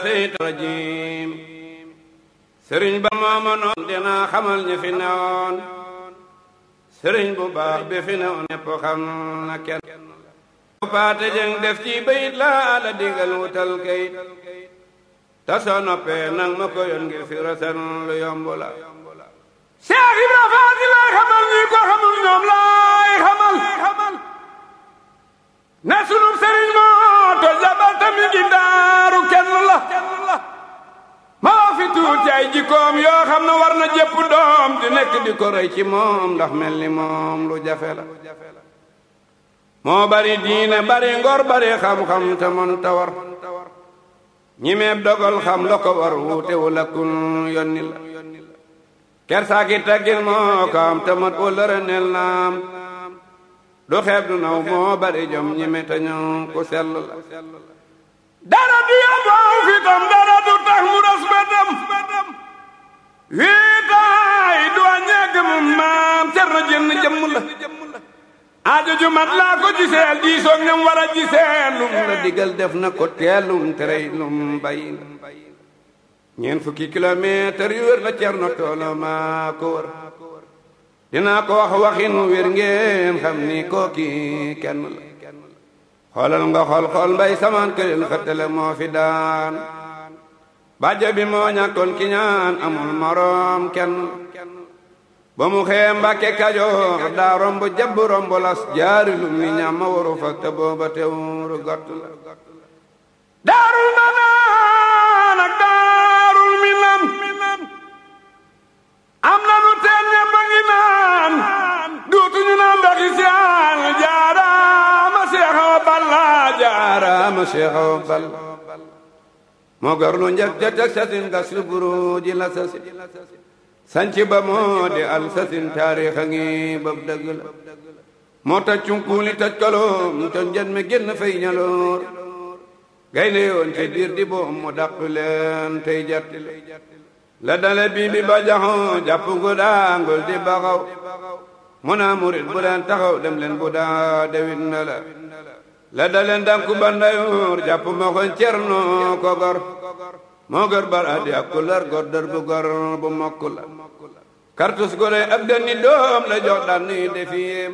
seyt rajim sëriñ ba mooma dina xamal ñi fi newoon sëriñ bu baax bi fi newoon ñépp xam na kenn bu paate jëng def ci bayit laa la digal wutal kayit te soo nang ma ko yoon fi rasan lu yomb la Cheikh Ibra Faati lay ñi ko xamul ñoom laay xamal wut ci ay jikkoom yoo war na jëpp doom di nekk di ci moom ndax mel ni moom lu jafe la moo bari diine bari ngor bari xam-xam te mën ta ñimeeb dogal xam la ko war wuute yonni la kersaaki taggin moo ko am te mat wëllëre nel naam du xeeb du naw moo bari jom ñime te ñëw ku sell la jenn jëm la aajo ju mat laa ko di diisoog ñam war a lu la digal def na ko teelum terey lum bay ñeen fukki kilomètre yu wër la cerno toolo maa ko wër dinaa ko wax waxin wér ngeen xam ni ki kenn la xoolal nga xool xool mbay samaan këlil xëttale moo fi daan bàjjo bi moo ñàkkoon ki ñaan amul moroom kenn la ba mu xee mbàkke kajoor daa romb jabb romb las jaari lum ni ñam fa te booba teewuru daarul manaan ak daarul minam am na lu teen ñëpp a ngi naan dootuñu naan daxi siyaan jaaraama seexaw balla jaaraama seexaw balla moo garlu njëkk ja teg sasin gas sanc ba moo di alsasin taarix a ngi bab dëgg la moo tax cunkuuli taj kaloom te njën mi génn fay ñaloor gaynde yoon te biir di boom mu dàq leen tey jatti la dale bii bi ba jaxoo jàpp ngu daangul di baxaw mu naa murit bu daan taxaw dem leen bu daa dewit na la la dale ndànku ba ndayoor jàpp ma ko cerno moo bar addi ak ku gor dër bu gor bu mokk kartus gone ab dënni doom la jox daan nuy defiim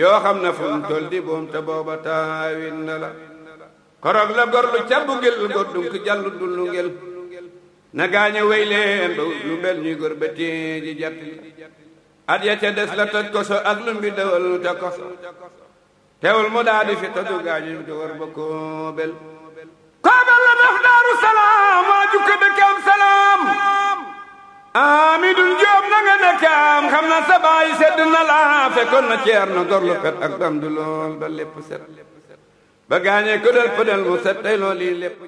yoo xam ne fu mu di boom te booba taawin la gor lu cabbu ngel gor dunk jallu dullu ngel na gaañe wey ba lu bel ñuy gor ba tee ji jat ya ca des la toj koso ak lu dawal te koso teewul mu daa di fi toju gaañu du war ba koo kaabal la def daaru salaam waa jukka am salaam amidun joob na nga xam na sa baay sedd na la na ceer na gorlu pet ak dam du lool ba lépp set ba gaañee ko mu set tey lool yi lépp